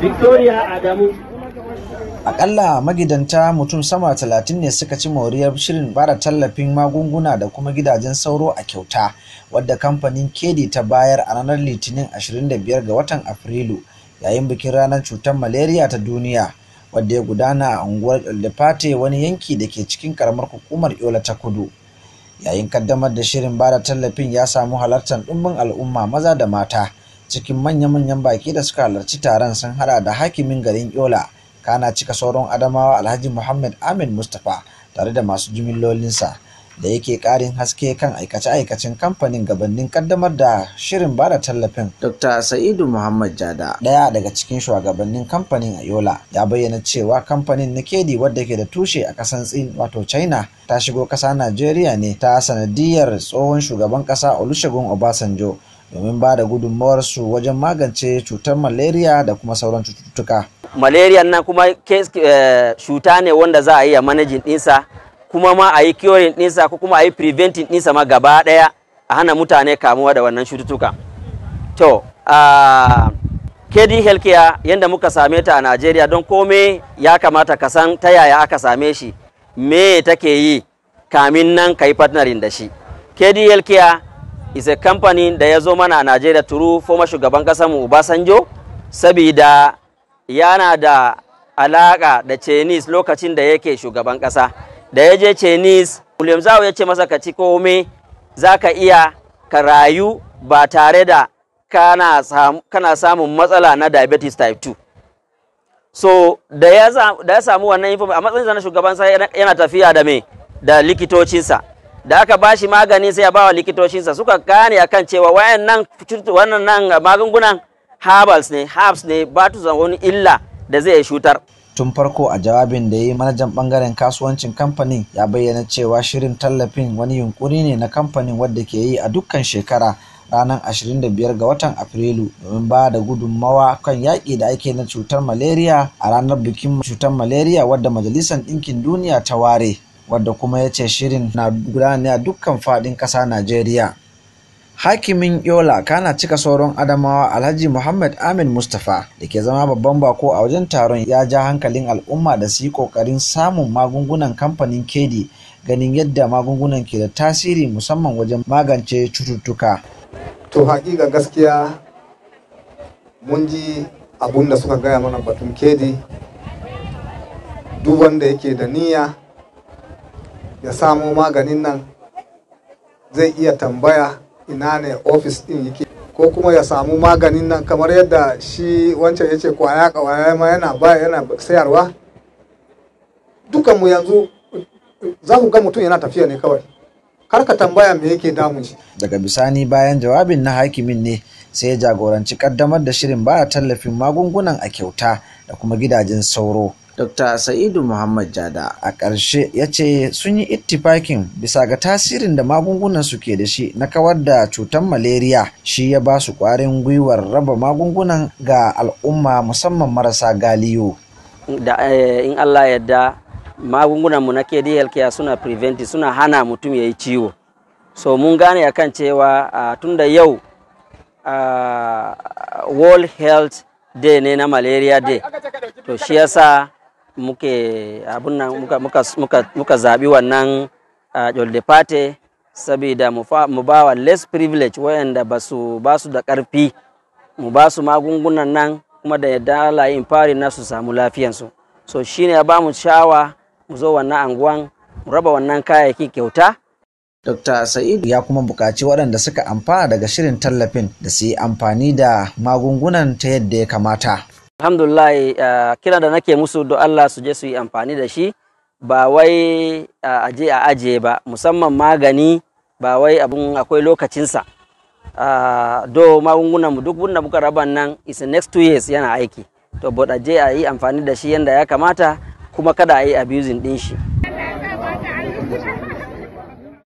Victoria Adamu. Akalla magidanta mutum sama talatin ne suka ci moriyar shirin bada tallafin magunguna da kuma gidajen sauro a kyauta wadda kamfanin kedi ta bayar a ranar litinin 25 ga watan afrilu yayin bikin ranar cutar malaria ta duniya wadda ya gudana a unguwar Olifate wani yanki da ke cikin karamar hukumar yola ta kudu yayin kaddamar da shirin bada tallafin ya samu halartar ɗumbin al'umma maza da mata Cikin manya-manyan baki da suka halarci taron sun haɗa da hakimin garin Yola, kana cika sauran Adamawa Alhaji Muhammad Amin Mustapha tare da masu jimillolinsa da yake karin haske kan aikace-aikacen kamfanin gabanin kaddamar da shirin bada tallafin. Dr. Sa'idu Muhammad Jada, ɗaya daga cikin shugabannin kamfanin a Yola, ya bayyana cewa kamfanin na Kedi wadda ke da tushe a kasan Tsin wato China ta shigo kasa Najeriya ne ta sanadiyar tsohon shugaban kasa Olusegun Obasanjo. domin ba da su wajen magance cutar malaria da kuma sauran cututtuka. malaria nan kuma eh, cuta ne wanda za a yi a manajin ɗinsa kuma ma a yi curing ɗinsa ko kuma a yi preventing ɗinsa ma gaba ɗaya a hana mutane kamuwa da wannan cututtuka. to a KD Healthcare yadda muka same ta a Najeriya don kome ya kamata ka san ta yaya aka same shi me take yi kamin nan ka yi partnering da shi. KD Healthcare is a company da ya zo mana a Najeriya turu former shugaban kasar mu Obasanjo saboda yana da alaka da Chinese lokacin da yake shugaban kasa da ya je Chinese William Zawo ya ce masa ka ci kome zaka iya ka rayu ba tare da kana, samu, kana samun matsala na diabetes type 2 so da ya samu wannan information a matsayin na shugaban yana tafiya da me da likitocinsa da aka shi magani sai ya bawa likitoshinsa suka gane akan cewa wayannan wannan magungunan herbals ne herbs ne ba su wani illa da zai shutar tun farko a jawabin da ya yi manajan bangaren kasuwancin kamfanin ya bayyana cewa shirin tallafin wani yunkuri ne na kamfanin wadda ke yi a dukkan shekara ranar 25 ga watan afrilu domin ba da gudunmawa kan yaƙi da ake na cutar malaria a ranar bikin cutar malaria wadda majalisar ɗinkin duniya ta ware wadda kuma ya ce shirin na gudana a dukkan fadin kasa Najeriya. Hakimin Yola kana cika sauran Adamawa Alhaji Muhammad Amin Mustapha da ke zama babban bako a wajen taron ya ja hankalin al'umma da su yi kokarin samun magungunan kamfanin Kedi ganin yadda magungunan ke da tasiri musamman wajen magance cututtuka. To haƙiƙa gaskiya mun ji abun da suka gaya mana batun Kedi duk wanda yake da niyya ya samo maganin nan zai iya tambaya ina ne ofis ɗin yake ko kuma ya samu maganin nan kamar yadda shi wancan ya ce kwaya kwaya ma yana ba yana sayarwa dukanmu yanzu za ku ga mutum yana tafiya ne kawai kar ka tambaya me yake damun shi daga bisani bayan jawabin na hakimin ne sai ya jagoranci kaddamar da shirin baya tallafin magungunan a kyauta da kuma gidajen sauro dr sa'idu muhammad jada a ƙarshe ya ce sun yi ittifakin bisa ga tasirin da magungunan su ke da shi na kawar da cutar malaria shi ya ba su ƙwarin gwiwar raba magungunan ga al'umma musamman marasa galiyo da eh, in allah yadda magungunan mu na kd suna preventi suna hana mutum ya yi ciwo so mun gane a kan cewa tun da yau world health day ne na malaria day to shi yasa muke abun nan muka muka muka, muka wannan jolde fate saboda mu ba wa less privilege wayanda ba su da karfi mu ba su magungunan nan kuma da yadda Allah yin fari na su samu lafiyansu so shine ya ba mu shawa mu zo wannan anguwan mu raba wannan kayayyaki kyauta Dr. Sa'id ya kuma buƙaci waɗanda suka amfana daga shirin tallafin da su yi amfani da magungunan ta yadda ya kamata. alhamdulillah uh, kira da nake musu do Allah su je su yi amfani da shi ba wai uh, eh, aje a aje ba musamman magani ba wai abun akwai lokacinsa uh, do magungunan mu duk wanda muka raban nan is next two years yana aiki to but je a yi amfani da shi yanda ya kamata kuma kada a yi abusing din shi